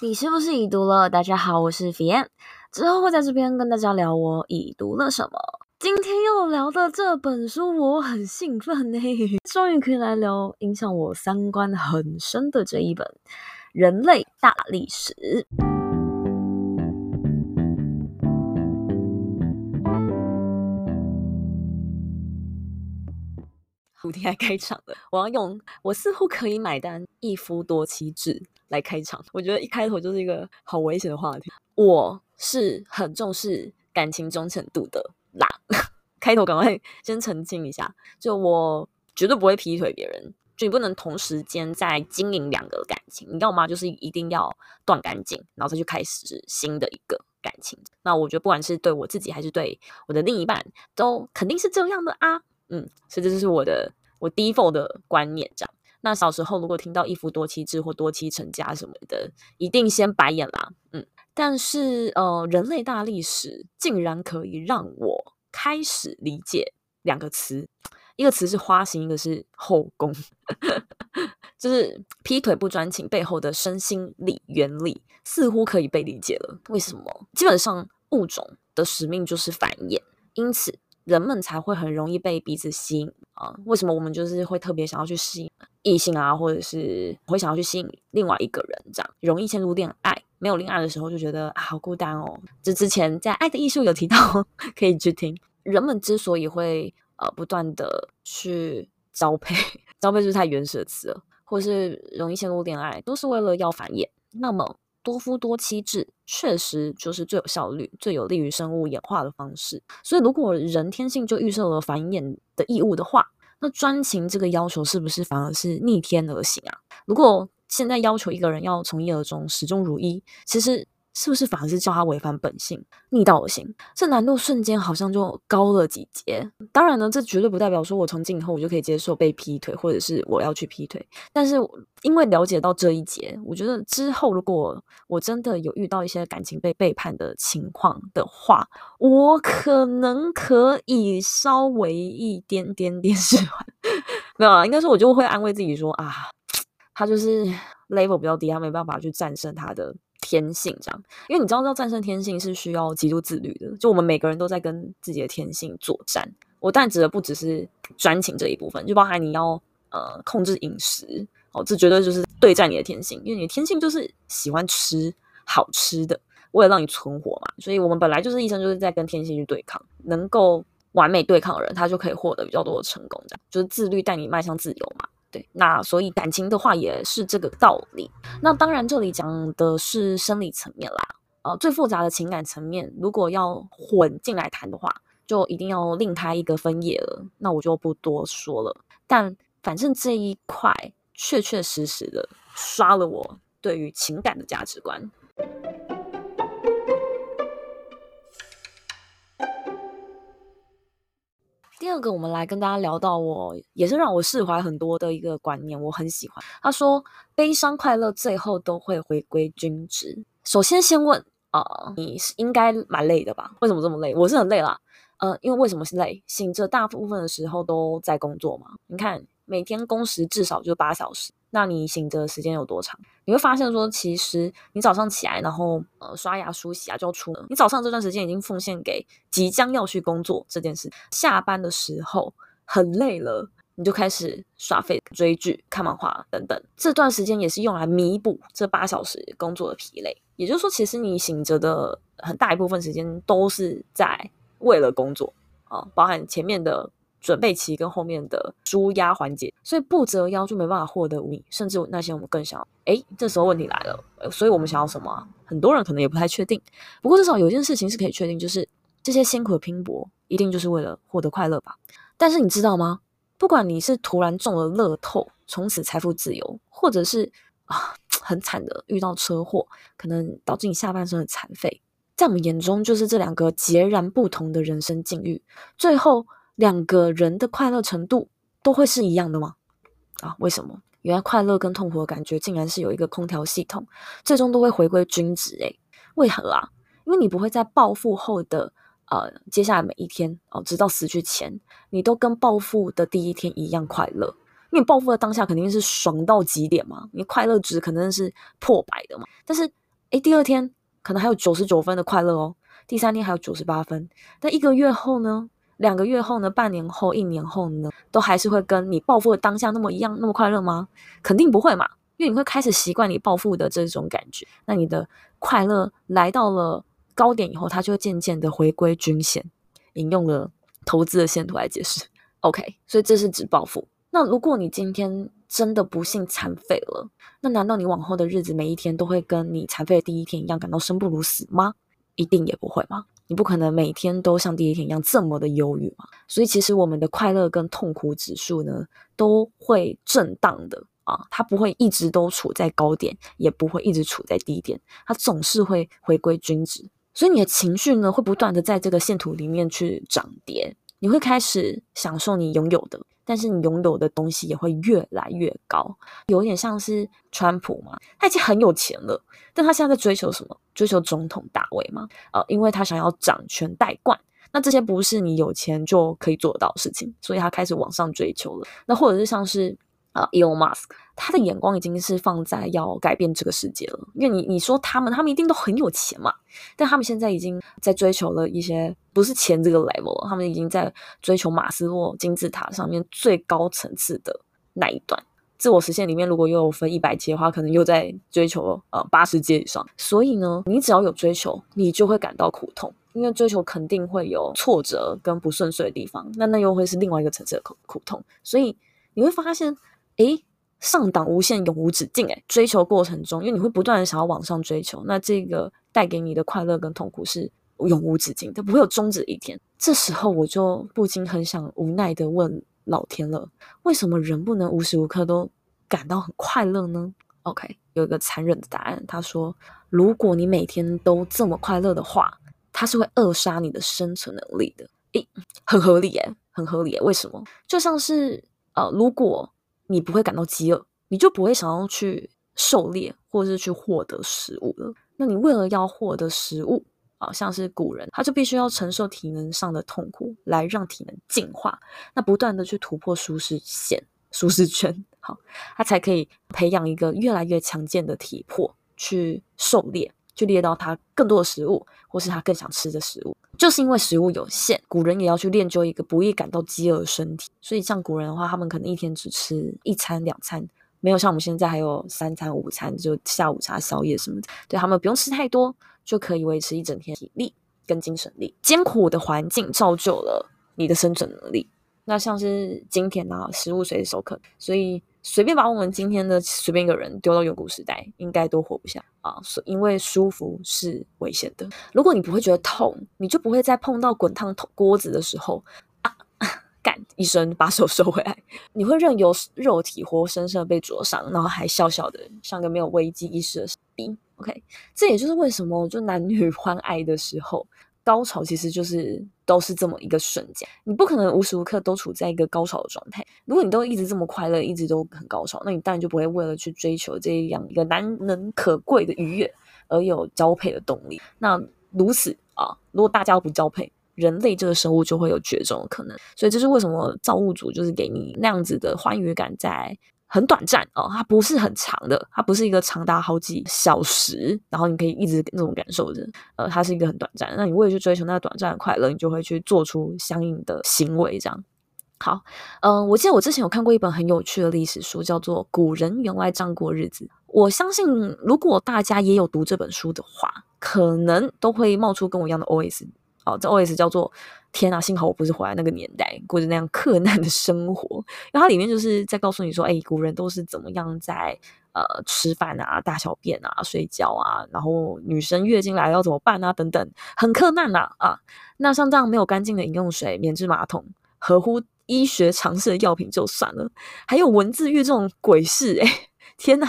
你是不是已讀了？大家好，我是斐燕，之後會在這邊跟大家聊我已讀了什麼。今天要聊的這本書，我很興奮呢、欸，終於可以來聊影響我三觀很深的這一本《人類大歷史》。五天還開場了，我要用我似乎可以買單一夫多妻制。來開場，我覺得一開頭就是一個好危險的話題。我是很重視感情忠誠度的啦， 開頭趕快先澄清一下，就我絕對不會劈腿別人，就你不能同時間在經營兩個感情，你知道嗎？就是一定要斷乾淨，然後再去開始新的一個感情。那我覺得不管是對我自己還是對我的另一半，都肯定是這樣的啊。嗯，所以這就是我的我 default 的觀念這樣。那小時候如果聽到一夫多妻制或多妻成家什麼的，一定先白眼啦。嗯，但是呃，人類大歷史竟然可以讓我開始理解兩個詞，一個詞是花心，一個是後宮， 就是劈腿不專情背後的身心理原理似乎可以被理解了。為什麼？基本上物種的使命就是繁衍，因此。人們才會很容易被彼此吸引啊、呃！為什麼我們就是會特別想要去吸引異性啊，或者是會想要去吸引另外一個人？這樣容易陷入戀愛，沒有戀愛的時候就覺得、啊、好孤單哦。這之前在《愛的藝術》有提到，可以去聽。人們之所以會呃不斷的去交配，交配是不是太原始的詞了，或者是容易陷入戀愛，都是為了要繁衍。那麼。多夫多妻制確實就是最有效率、最有利於生物演化的方式。所以，如果人天性就預設了繁衍的義務的話，那專情這個要求是不是反而是逆天而行啊？如果現在要求一個人要從一而終、始終如一，其實。是不是反而是叫他違反本性逆道而行？這難度瞬間好像就高了幾階。當然呢，這絕對不代表說我從今以後我就可以接受被劈腿，或者是我要去劈腿。但是因為了解到這一節，我覺得之後如果我真的有遇到一些感情被背叛的情況的話，我可能可以稍微一點點點釋懷。沒有，啊，應該說我就會安慰自己說啊，他就是 level 比較低，他沒辦法去戰勝他的。天性這樣，因為你知道，知道戰勝天性是需要極度自律的。就我們每個人都在跟自己的天性作戰。我但指的不只是專情這一部分，就包含你要呃控制飲食，哦，這絕對就是對戰你的天性，因為你的天性就是喜歡吃好吃的，為了讓你存活嘛。所以我們本來就是一生就是在跟天性去對抗。能夠完美對抗的人，他就可以獲得比較多的成功。這樣就是自律帶你邁向自由嘛。對，那所以感情的話也是這個道理。那當然，這裡講的是生理層面啦，呃，最複雜的情感層面，如果要混進來談的話，就一定要另開一個分頁了。那我就不多說了。但反正這一塊確確實實的刷了我對於情感的價值觀。第二個，我們來跟大家聊到我，我也是讓我釋懷很多的一個觀念，我很喜歡。他說，悲傷快樂最後都會回歸均值。首先先問啊、呃，你是應該蠻累的吧？為什麼這麼累？我是很累啦。呃，因為為什麼累？醒着大部分的時候都在工作嘛。你看，每天工時至少就八小時。那你醒着的時間有多長？你會發現說，其實你早上起來，然後呃刷牙梳洗啊就要出門。你早上這段時間已經奉獻給即將要去工作這件事。下班的時候很累了，你就開始耍廢追劇、看漫畫等等。這段時間也是用來彌補這八小時工作的疲累。也就是說，其實你醒着的很大一部分時間都是在為了工作啊、哦，包含前面的。準備期跟後面的舒壓環節，所以不折腰就沒辦法獲得你甚至那些我們更想要。哎、欸，這時候問題來了，所以我們想要什麼、啊？很多人可能也不太確定。不過至少有一件事情是可以確定，就是這些辛苦的拼搏，一定就是為了獲得快樂吧。但是你知道嗎？不管你是突然中了樂透，從此財富自由，或者是啊很慘的遇到車禍，可能導致你下半身的殘廢，在我們眼中就是這兩個截然不同的人生境遇。最後。兩個人的快樂程度都會是一樣的嗎？啊，為什麼？原來快樂跟痛苦的感覺，竟然是有一個空調系統，最終都會回歸均值，欸。誒。為何啊？因為你不會在暴富後的呃接下來每一天哦，呃，直到死去前，你都跟暴富的第一天一樣快樂。因為你暴富的當下肯定是爽到極點嘛，你快樂值肯定是破百的嘛。但是誒，第二天可能還有九十九分的快樂哦，第三天還有九十八分，但一個月後呢？兩個月後呢？半年後、一年後呢？都還是會跟你暴富的當下那麼一樣那麼快樂嗎？肯定不會嘛，因為你會開始習慣你暴富的這種感覺。那你的快樂來到了高點以後，它就會漸漸的回歸均線。引用了投資的線圖來解釋。OK，所以這是指暴富。那如果你今天真的不幸殘廢了，那難道你往後的日子每一天都會跟你殘廢的第一天一樣感到生不如死嗎？一定也不會嘛。你不可能每天都像第一天一樣這麼的憂鬱嘛？所以其實我們的快樂跟痛苦指數呢，都會震蕩的啊，它不會一直都處在高點，也不會一直處在低點，它總是會回歸均值。所以你的情緒呢，會不斷的在這個線圖裡面去漲跌，你會開始享受你擁有的。但是你擁有的東西也會越來越高，有點像是川普嘛，他已經很有錢了，但他現在在追求什麼？追求總統大位嘛，呃，因為他想要掌權代冠。那這些不是你有錢就可以做得到的事情，所以他開始往上追求了。那或者是像是。啊，uh，Elon Musk，他的眼光已經是放在要改變這個世界了。因為你你說他們，他們一定都很有錢嘛，但他們現在已經在追求了一些不是錢這個 level，他們已經在追求馬斯洛金字塔上面最高層次的那一段，自我實現裡面，如果又分一百階的話，可能又在追求呃八十階以上。所以呢，你只要有追求，你就會感到苦痛，因為追求肯定會有挫折跟不順遂的地方，那那又會是另外一個層次的苦苦痛。所以你會發現。誒，上檔無限，永無止境。誒，追求過程中，因為你會不斷的想要往上追求。那這個帶給你的快樂跟痛苦是永無止境，它不會有終止一天。這時候我就不禁很想無奈的問老天了：為什麼人不能無時無刻都感到很快樂呢？OK，有一個殘忍的答案，他說：如果你每天都這麼快樂的話，它是會扼殺你的生存能力的。誒，很合理耶，誒很合理耶。為什麼？就像是呃，如果你不會感到飢餓，你就不會想要去狩獵或是去獲得食物了。那你為了要獲得食物，好、哦、像是古人，他就必須要承受體能上的痛苦，來讓體能進化，那不斷的去突破舒適線、舒適圈，好、哦，他才可以培養一個越來越強健的體魄去狩獵。就獵到他更多的食物，或是他更想吃的食物，就是因為食物有限，古人也要去練就一個不易感到飢餓的身體。所以，像古人的話，他們可能一天只吃一餐、兩餐，沒有像我們現在還有三餐、午餐、就下午茶、宵夜什麼的。對，他們不用吃太多，就可以維持一整天體力跟精神力。艱苦的環境造就了你的生存能力。那像是今天啊，食物隨手可，所以。隨便把我們今天的隨便一個人丟到遠古時代，應該都活不下啊！所以因為舒服是危險的。如果你不會覺得痛，你就不會在碰到滾燙鍋子的時候啊，幹一聲把手收回來，你會任由肉體活生生的被灼傷，然後還笑笑的，像個沒有危機意識的士兵。OK，這也就是為什麼就男女歡愛的時候。高潮其實就是都是這麼一個瞬間，你不可能無時無刻都處在一個高潮的狀態。如果你都一直這麼快樂，一直都很高潮，那你當然就不會為了去追求這樣一個難能可貴的愉悅而有交配的動力。那如此啊，如果大家都不交配，人類這個生物就會有絕種的可能。所以這是為什麼造物主就是給你那樣子的歡愉感在。很短暫哦，它不是很長的，它不是一個長達好幾小時，然後你可以一直那種感受著呃，它是一個很短暫。那你為了去追求那個短暫的快樂，你就會去做出相應的行為，這樣。好，嗯、呃，我記得我之前有看過一本很有趣的歷史書，叫做《古人原來這樣過日子》。我相信，如果大家也有讀這本書的話，可能都會冒出跟我一樣的 OS。哦，這 OS 叫做天啊！幸好我不是活在那個年代，過着那樣克難的生活。因為它裡面就是在告訴你說，哎，古人都是怎麼樣在呃吃飯啊、大小便啊、睡覺啊，然後女生月經來要怎麼辦啊等等，很克難吶啊，啊。那像這樣沒有乾淨的飲用水、免治馬桶、合乎醫學常識的藥品就算了，還有文字獄這種鬼事，哎，天哪，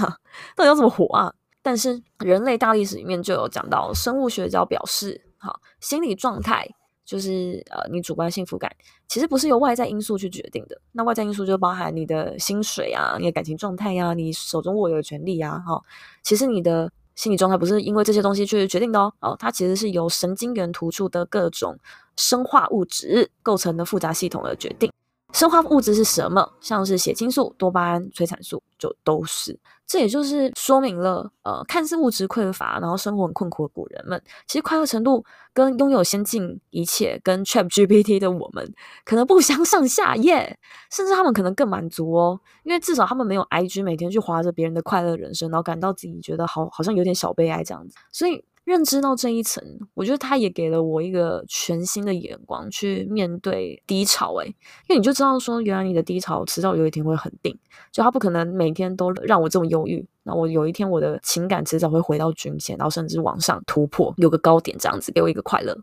到底要怎麼活啊？但是人類大歷史裡面就有講到，生物學家表示，好、啊。心理狀態就是呃，你主觀幸福感其實不是由外在因素去決定的。那外在因素就包含你的薪水啊，你的感情狀態呀、啊，你手中握有的權力啊，哈、哦。其實你的心理狀態不是因為這些東西去決定的哦，哦，它其實是由神經元突觸的各種生化物質構成的複雜系統而決定。生化物質是什麼？像是血清素、多巴胺、催產素，就都是。這也就是說明了，呃，看似物質匱乏，然後生活很困苦的古人們，其實快樂程度跟擁有先進一切、跟 Chat GPT 的我們可能不相上下耶，yeah! 甚至他們可能更滿足哦，因為至少他們沒有 IG，每天去滑着別人的快樂的人生，然後感到自己覺得好好像有點小悲哀這樣子，所以。認知到這一層，我覺得他也給了我一個全新的眼光去面對低潮，欸。哎，因為你就知道說，原來你的低潮遲早有一天會很定，就他不可能每天都讓我這麼憂鬱。那我有一天，我的情感遲早會回到均線，然後甚至往上突破，有個高點這樣子，給我一個快樂。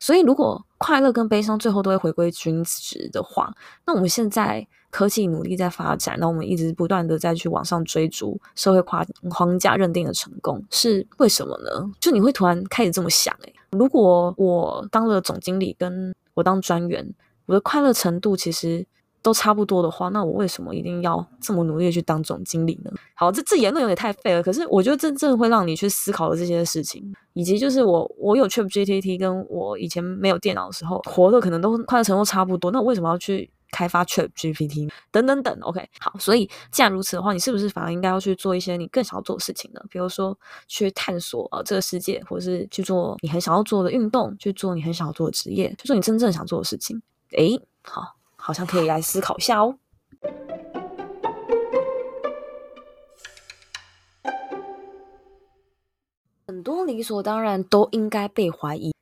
所以，如果快樂跟悲傷最後都會回歸均值的話，那我們現在科技努力在發展，那我們一直不斷的在去往上追逐社會框框架認定的成功，是為什麼呢？就你會突然開始這麼想、欸，誒如果我當了總經理，跟我當專員，我的快樂程度其實。都差不多的話，那我為什麼一定要這麼努力去當總經理呢？好，這這言論有點太廢了。可是我覺得真正會讓你去思考的這些事情，以及就是我我有 Chat GPT，跟我以前沒有電腦的時候，活的，可能都快樂程度差不多。那我為什麼要去開發 Chat GPT 等等等？OK，好，所以既然如此的話，你是不是反而應該要去做一些你更想要做的事情呢？比如說去探索啊、呃、這個世界，或者是去做你很想要做的運動，去做你很想要做的職業，就是你真正想做的事情。誒，好。好像可以來思考一下哦。很多理所當然都應該被懷疑？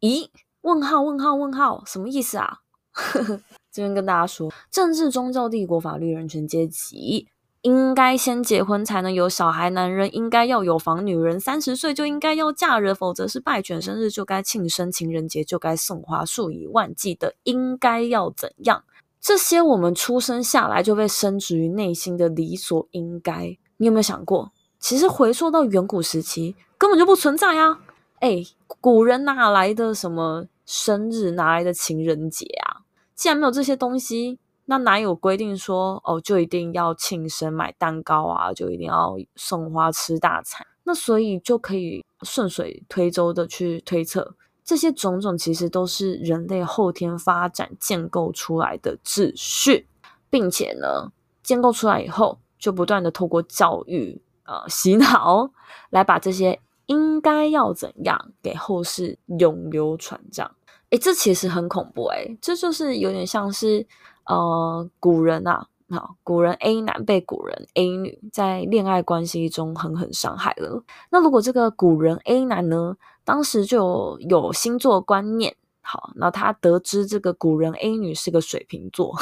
咦？問號？問號？問號？什麼意思啊呵呵？這邊跟大家說：政治、宗教、帝國、法律、人權、階級，應該先結婚才能有小孩。男人應該要有房，女人三十歲就應該要嫁人，否則是敗犬。生日就該慶生，情人節就該送花，數以萬計的應該要怎樣？這些我們出生下來就被深植於內心的理所應該，你有沒有想過？其實回溯到遠古時期，根本就不存在呀、啊？誒、欸、古人哪來的什麼生日，哪來的情人節啊？既然沒有這些東西，那哪有規定說哦，就一定要慶生買蛋糕啊，就一定要送花吃大餐？那所以就可以順水推舟的去推測。這些種種其實都是人類後天發展建構出來的秩序，並且呢，建構出來以後，就不斷地透過教育、呃洗腦，來把這些應該要怎樣給後世永流傳這樣。誒這其實很恐怖、欸，誒這就是有點像是呃古人啊。好，古人 A 男被古人 A 女在戀愛關係中狠狠傷害了。那如果這個古人 A 男呢，當時就有，有星座觀念，好，那他得知這個古人 A 女是個水瓶座，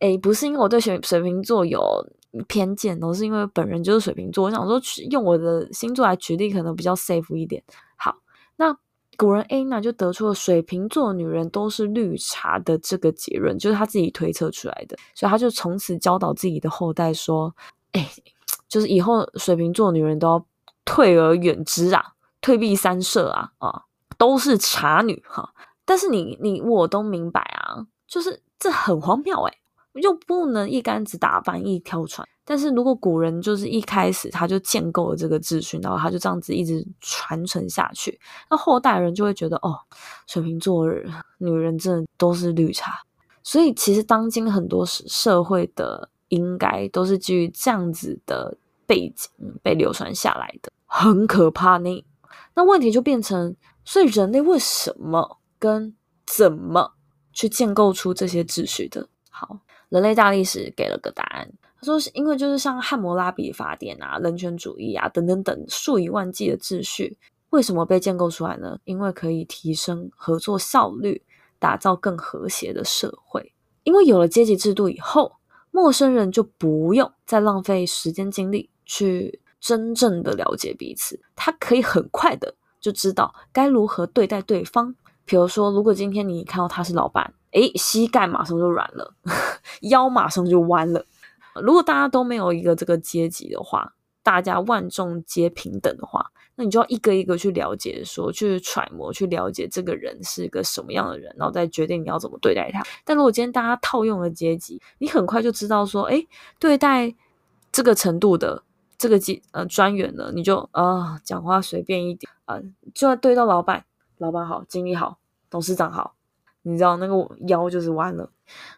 哎、 欸，不是因為我對水水瓶座有偏見，而是因為本人就是水瓶座。我想說，用我的星座來舉例，可能比較 safe 一點。好，那。古人 A 娜就得出了水瓶座的女人都是綠茶的這個結論，就是他自己推測出來的，所以他就從此教導自己的後代說：“哎、欸，就是以後水瓶座的女人都要退而遠之啊，退避三舍啊，啊，都是茶女哈。啊。”但是你你我都明白啊，就是這很荒謬哎、欸，又不能一竿子打翻一條船。但是如果古人就是一開始他就建構了這個秩序，然後他就這樣子一直傳承下去，那後代人就會覺得哦，水瓶座女人真的都是綠茶。所以其實當今很多社社會的應該都是基於這樣子的背景被流傳下來的，很可怕呢。那問題就變成：所以人類為什麼跟怎麼去建構出這些秩序的？好，人類大歷史給了個答案。說是因為就是像《漢謨拉比法典》啊、人權主義啊等等等數以萬計的秩序，為什麼被建構出來呢？因為可以提升合作效率，打造更和諧的社會。因為有了階級制度以後，陌生人就不用再浪費時間精力去真正的了解彼此，他可以很快的就知道該如何對待對方。比如說，如果今天你看到他是老闆，誒，膝蓋馬上就軟了，腰馬上就彎了。如果大家都沒有一個這個階級的話，大家萬眾皆平等的話，那你就要一個一個去了解說，說去揣摩，去了解這個人是個什麼樣的人，然後再決定你要怎麼對待他。但如果今天大家套用了階級，你很快就知道說，哎，對待這個程度的這個級呃專員、呃、呢，你就啊、呃、講話隨便一點啊、呃，就要對到老闆、老闆好、經理好、董事長好，你知道那個腰就是彎了。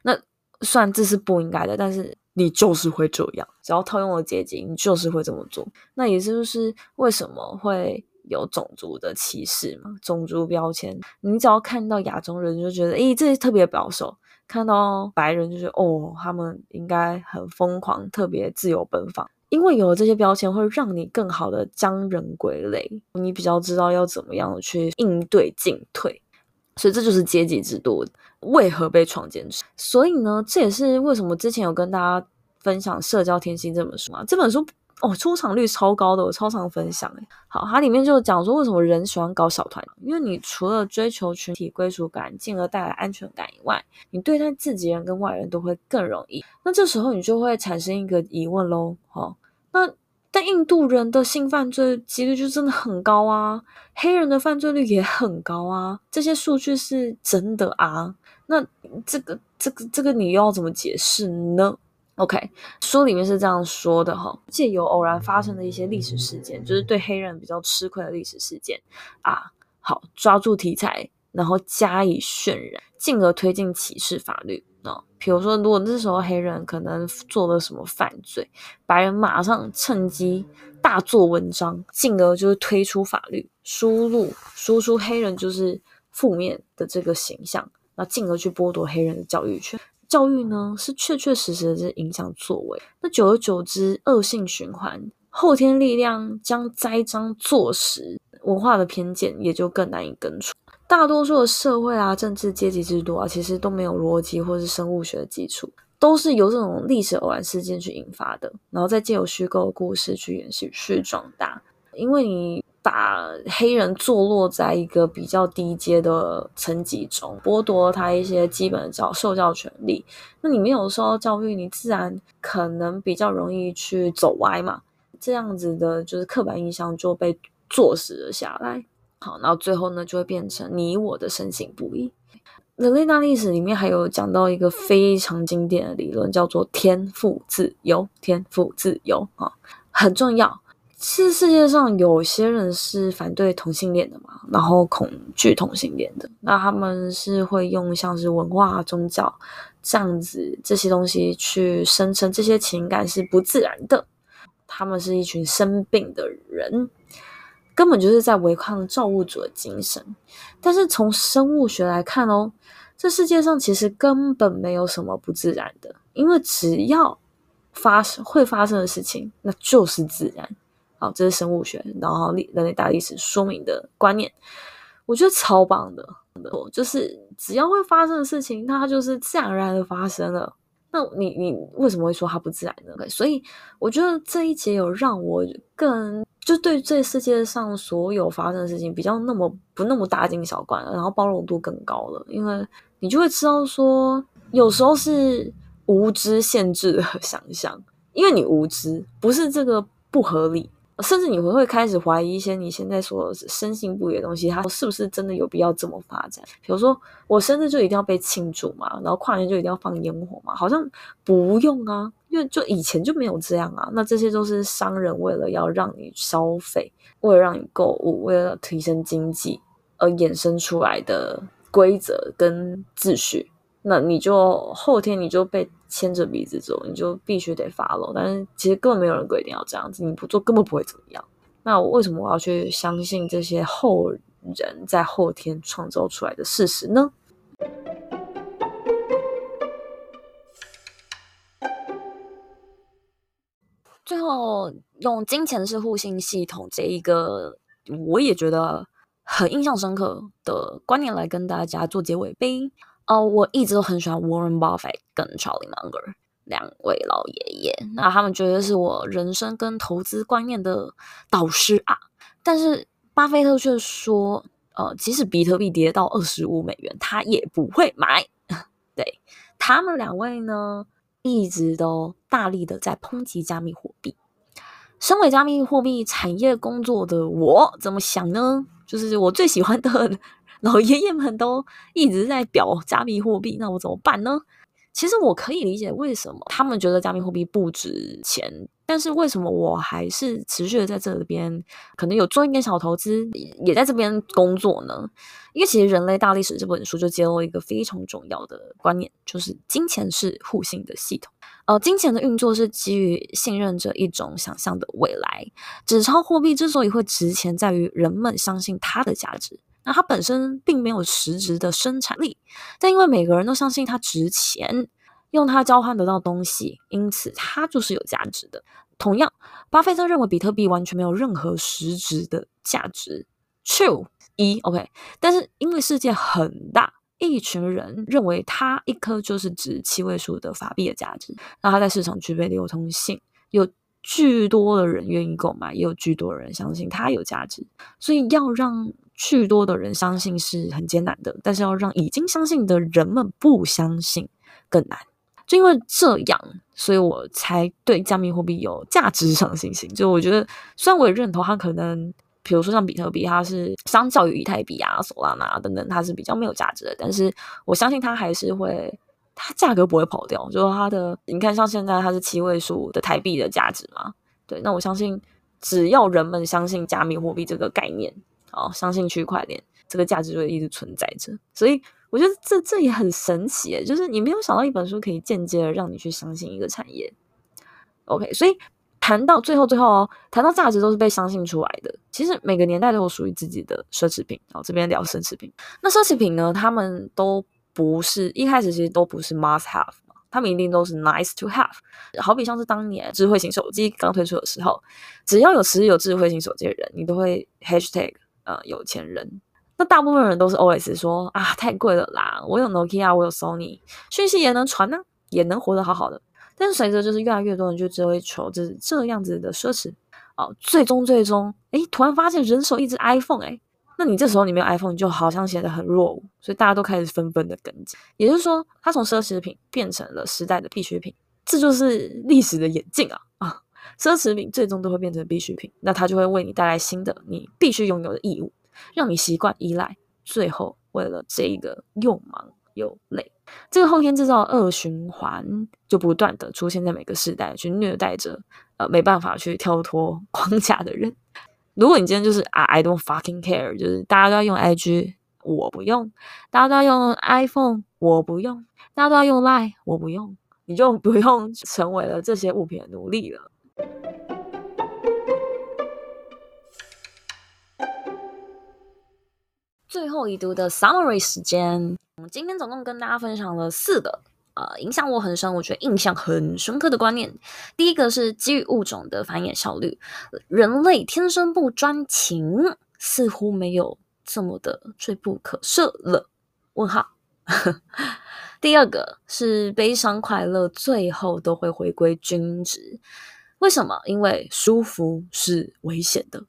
那算，這是不應該的，但是。你就是會這樣，只要套用了階級，你就是會這麼做。那也就是為什麼會有種族的歧視嘛，種族標籤。你只要看到亞洲人就覺得，誒，這些特別保守；看到白人就覺得，哦，他們應該很瘋狂，特別自由奔放。因為有了這些標籤，會讓你更好的將人歸類，你比較知道要怎麼樣去應對進退。所以這就是階級制度，為何被創建？所以呢，這也是為什麼之前有跟大家分享《社交天性》這本書嘛。這本書哦，出場率超高的，我超常分享誒，好，它裡面就講說為什麼人喜歡搞小團，因為你除了追求群體歸屬感，進而帶來安全感以外，你對待自己人跟外人都會更容易。那這時候你就會產生一個疑問咯，好，哦，那但印度人的性犯罪幾率就真的很高啊，黑人的犯罪率也很高啊，這些數據是真的啊。那這個這個這個你又要怎麼解釋呢？OK，書裡面是這樣說的哈、哦，借由偶然發生的一些歷史事件，就是對黑人比較吃虧的歷史事件啊，好抓住題材，然後加以渲染，進而推進歧視法律。那、哦、比如說，如果那時候黑人可能做了什麼犯罪，白人馬上趁機大做文章，進而就是推出法律，輸入輸出黑人就是負面的這個形象。那進而去剝奪黑人的教育權，教育呢是確確實實的，是影響作為。那久而久之，惡性循環，後天力量將栽贓坐實，文化的偏見也就更難以根除。大多數的社會啊、政治、階級制度啊，其實都沒有邏輯或是生物學的基礎，都是由這種歷史偶然事件去引發的，然後再借由虛構的故事去延續、去壯大。因為你。把黑人坐落在一個比較低階的層級中，剝奪他一些基本的教受教權利。那你沒有受到教育，你自然可能比較容易去走歪嘛。這樣子的，就是刻板印象就被坐實了下來。好，那最後呢，就會變成你我的深信不疑。人類大歷史裡面還有講到一個非常經典的理論，叫做天賦自由，天賦自由啊，很重要。是世界上有些人是反對同性戀的嘛，然後恐懼同性戀的，那他們是會用像是文化、宗教這樣子這些東西去聲稱這些情感是不自然的，他們是一群生病的人，根本就是在違抗造物主的精神。但是從生物學來看哦，這世界上其實根本沒有什麼不自然的，因為只要發生會發生的事情，那就是自然。這是生物學，然後歷人類大歷史說明的觀念，我覺得超棒的。就是只要會發生的事情，它就是自然而然的發生了。那你你為什麼會說它不自然呢？Okay, 所以我覺得這一節有讓我更就對這世界上所有發生的事情比較那麼不那麼大驚小怪了，然後包容度更高了。因為你就會知道說，有時候是無知限制了想象，因為你無知不是這個不合理。甚至你會會開始懷疑一些你現在所深信不疑的東西，它是不是真的有必要這麼發展？比如說，我生日就一定要被慶祝嘛，然後跨年就一定要放煙火嘛，好像不用啊，因為就以前就沒有這樣啊。那這些都是商人為了要讓你消費，為了讓你購物，為了提升經濟而衍生出來的規則跟秩序。那你就後天你就被牽着鼻子走，你就必須得 follow。但是其實根本沒有人規定要這樣子，你不做根本不會怎麼樣。那我為什麼我要去相信這些後人在後天創造出來的事實呢？最後用金錢式互信系統這一個，我也覺得很印象深刻的觀念來跟大家做結尾唄。哦、呃，我一直都很喜歡 Warren Buffett 跟 Charlie Munger 兩位老爺爺，那他們絕對是我人生跟投資觀念的導師啊。但是巴菲特卻說，呃，即使比特幣跌到二十五美元，他也不會買。對，他們兩位呢，一直都大力的在抨擊加密貨幣。身為加密貨幣產業工作的我，怎麼想呢？就是我最喜歡的。老爺爺們都一直在表加密貨幣，那我怎麼辦呢？其實我可以理解為什麼他們覺得加密貨幣不值錢，但是為什麼我還是持續的在這裡邊，可能有做一點小投資，也在這邊工作呢？因為其實《人類大歷史》這本書就揭露一個非常重要的觀念，就是金錢是互信的系統。呃，金錢的運作是基於信任着一種想象的未來。紙鈔貨幣之所以會值錢，在於人們相信它的價值。那它本身並沒有實質的生產力，但因為每個人都相信它值錢，用它交換得到東西，因此它就是有價值的。同樣，巴菲特認為比特幣完全沒有任何實質的價值。True，一 OK，但是因為世界很大，一群人認為它一顆就是值七位數的法幣的價值，那它在市場具備流通性，有巨多的人願意購買，也有巨多的人相信它有價值，所以要讓去多的人相信是很艱難的，但是要讓已經相信的人們不相信更難。就因為這樣，所以我才對加密貨幣有價值上的信心。就我覺得，雖然我也認同它可能，比如說像比特幣，它是相較於以太幣啊、索拉納等等，它是比較沒有價值的。但是我相信它還是會，它價格不會跑掉。就是它的，你看像現在它是七位數的台幣的價值嘛？對，那我相信只要人們相信加密貨幣這個概念。哦，相信區塊鏈這個價值就一直存在着，所以我覺得這這也很神奇，就是你沒有想到一本書可以間接的讓你去相信一個產業。OK，所以談到最後最後哦，談到價值都是被相信出來的。其實每個年代都有屬於自己的奢侈品。哦，這邊聊奢侈品，那奢侈品呢，他們都不是一開始其實都不是 must have 嘛，他們一定都是 nice to have。好比像是當年智慧型手機剛推出的時候，只要有持有智慧型手機的人，你都會 hashtag。呃，有錢人，那大部分人都是 OS 說啊，太貴了啦，我有 Nokia，我有 Sony，訊息也能傳呢、啊，也能活得好好的。但是隨着就是越來越多人就只會求這這樣子的奢侈哦，最終最終哎，突然發現人手一支 iPhone 哎，那你這時候你沒有 iPhone，你就好像顯得很落伍，所以大家都開始紛紛的跟進，也就是說，它從奢侈品變成了時代的必需品，這就是歷史的演進啊啊。啊奢侈品最終都會變成必需品，那它就會為你帶來新的你必須擁有的義務，讓你習慣依賴，最後為了這一個又忙又累，這個後天制造的惡循環就不斷的出現在每個時代，去虐待着呃沒辦法去跳脫框架的人。如果你今天就是啊，I don't fucking care，就是大家都要用 IG，我不用；大家都要用 iPhone，我不用；大家都要用 Line，我不用，你就不用成為了這些物品的奴隸了。最後一讀的 summary 時間，我們今天總共跟大家分享了四個呃影響我很深，我覺得印象很深刻的觀念。第一個是基於物種的繁衍效率，人類天生不專情，似乎沒有這麼的罪不可赦了。問號。 第二個是悲傷快樂最後都會回歸均值。為什麼？因為舒服是危險的。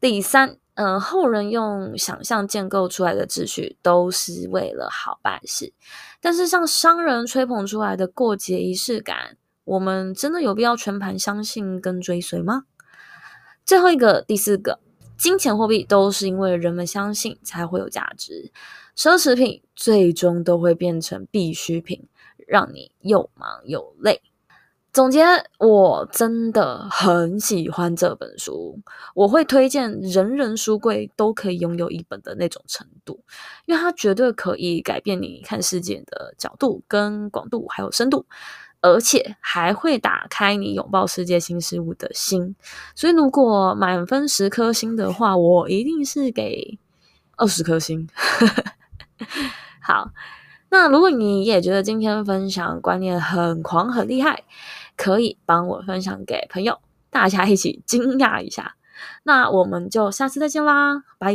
第三，嗯、呃，後人用想象建構出來的秩序都是為了好辦事，但是像商人吹捧出來的過節儀式感，我們真的有必要全盤相信跟追隨嗎？最後一個，第四個，金錢貨幣都是因為人們相信才會有價值，奢侈品最終都會變成必需品，讓你又忙又累。總結，我真的很喜歡這本書，我會推薦人人書櫃都可以擁有一本的那種程度，因為它絕對可以改變你看世界的角度、跟廣度還有深度，而且還會打開你擁抱世界新事物的心。所以，如果滿分十顆星的話，我一定是給二十顆星。 好。那如果你也覺得今天分享觀念很狂很厲害，可以幫我分享給朋友，大家一起驚訝一下。那我們就下次再見啦，拜。